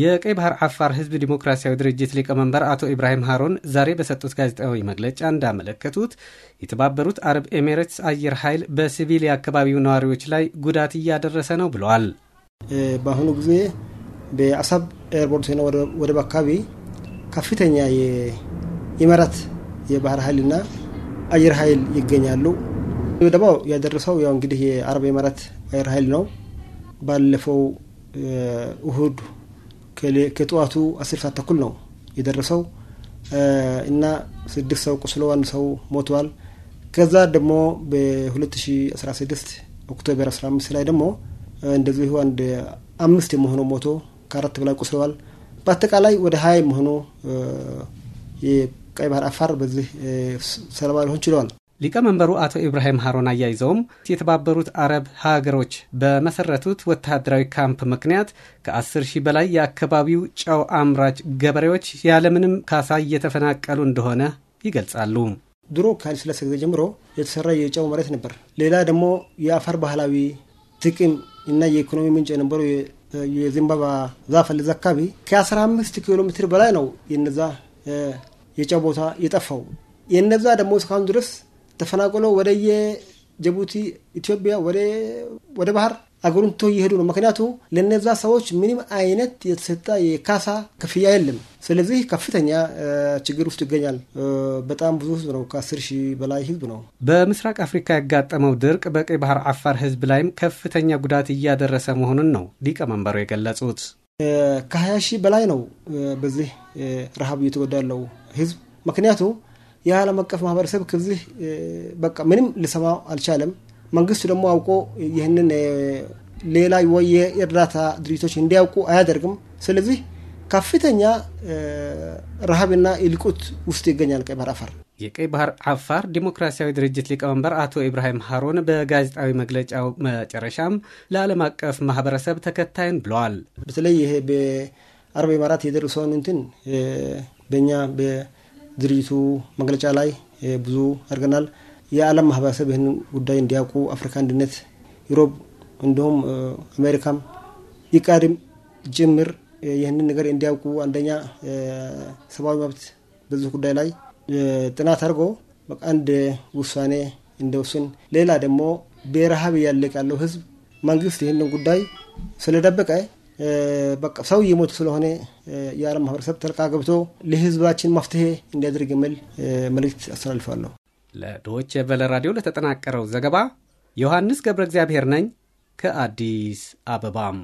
የቀይ ባህር አፋር ህዝብ ዲሞክራሲያዊ ድርጅት ሊቀመንበር አቶ ኢብራሂም ሃሮን ዛሬ በሰጡት ጋዜጣዊ መግለጫ እንዳመለከቱት የተባበሩት አረብ ኤሚሬትስ አየር ኃይል በሲቪል የአካባቢው ነዋሪዎች ላይ ጉዳት እያደረሰ ነው ብለዋል። በአሁኑ ጊዜ በአሳብ ኤርፖርት ና ወደብ አካባቢ ከፍተኛ የኢማራት የባህር ኃይልና አየር ኃይል ይገኛሉ። ደግሞ ያደረሰው ያው እንግዲህ የአረብ ኤማራት አየር ኃይል ነው። ባለፈው እሁድ ከጠዋቱ አስር ሰዓት ተኩል ነው የደረሰው እና ስድስት ሰው ቆስሎ አንድ ሰው ሞቷል። ከዛ ደግሞ በ2016 ኦክቶበር 15 ላይ ደግሞ እንደዚሁ አንድ አምስት የመሆኑ ሞቶ ከአራት በላይ ቆስለዋል። በአጠቃላይ ወደ ሀያ የመሆኑ የቀይ ባህር አፋር በዚህ ሰለባ ሊሆን ችለዋል። ሊቀመንበሩ አቶ ኢብራሂም ሀሮን አያይዘውም የተባበሩት አረብ ሀገሮች በመሰረቱት ወታደራዊ ካምፕ ምክንያት ከ10 ሺህ በላይ የአካባቢው ጨው አምራች ገበሬዎች ያለምንም ካሳ እየተፈናቀሉ እንደሆነ ይገልጻሉ። ድሮ ከኃይለ ሥላሴ ጊዜ ጀምሮ የተሰራ የጨው መሬት ነበር። ሌላ ደግሞ የአፈር ባህላዊ ጥቅም እና የኢኮኖሚ ምንጭ የነበረው የዘንባባ ዛፍ ለዛ አካባቢ ከ15 ኪሎ ሜትር በላይ ነው የነዛ የጨው ቦታ የጠፋው የነዛ ደግሞ እስካሁን ድረስ ተፈናቅሎ ወደየ ጅቡቲ፣ ኢትዮጵያ ወደ ባህር አገሩን ትቶ እየሄዱ ነው። ምክንያቱ ለነዛ ሰዎች ምንም አይነት የተሰጠ የካሳ ክፍያ የለም። ስለዚህ ከፍተኛ ችግር ውስጥ ይገኛል። በጣም ብዙ ህዝብ ነው፣ ከአስር ሺህ በላይ ህዝብ ነው። በምስራቅ አፍሪካ ያጋጠመው ድርቅ በቀይ ባህር አፋር ህዝብ ላይም ከፍተኛ ጉዳት እያደረሰ መሆኑን ነው ሊቀመንበሩ የገለጹት። ከሀያ ሺህ በላይ ነው በዚህ ረሃብ እየተጎዳ ያለው ህዝብ ምክንያቱ የዓለም አቀፍ ማህበረሰብ ከዚህ በቃ ምንም ልሰማ አልቻለም። መንግስቱ ደግሞ አውቆ ይህንን ሌላ ወይ የእርዳታ ድርጅቶች እንዲያውቁ አያደርግም። ስለዚህ ከፍተኛ ረሃብና እልቂት ውስጥ ይገኛል ቀይ ባህር አፋር። የቀይ ባህር አፋር ዲሞክራሲያዊ ድርጅት ሊቀመንበር አቶ ኢብራሂም ሀሮን በጋዜጣዊ መግለጫው መጨረሻም ለዓለም አቀፍ ማህበረሰብ ተከታይን ብለዋል። በተለይ ይሄ በአረብ ኢማራት የደረሰውን እንትን በእኛ ድርጅቱ መግለጫ ላይ ብዙ አድርገናል። የዓለም ማህበረሰብ ይህን ጉዳይ እንዲያውቁ አፍሪካ አንድነት፣ ዩሮብ እንዲሁም አሜሪካም ይቃድም ጭምር ይህንን ነገር እንዲያውቁ አንደኛ ሰብአዊ መብት በዚህ ጉዳይ ላይ ጥናት አድርጎ አንድ ውሳኔ እንደወስን፣ ሌላ ደግሞ በረሃብ እያለቀ ያለው ህዝብ መንግስት ይህንን ጉዳይ ስለደበቀ በቃ ሰው እየሞቱ ስለሆነ የዓለም ማህበረሰብ ተልቃ ገብቶ ለህዝባችን መፍትሄ እንዲያደርግ የሚል መልእክት አስተላልፋለሁ። ለዶይቼ ቬለ ራዲዮ ለተጠናቀረው ዘገባ ዮሐንስ ገብረ እግዚአብሔር ነኝ ከአዲስ አበባም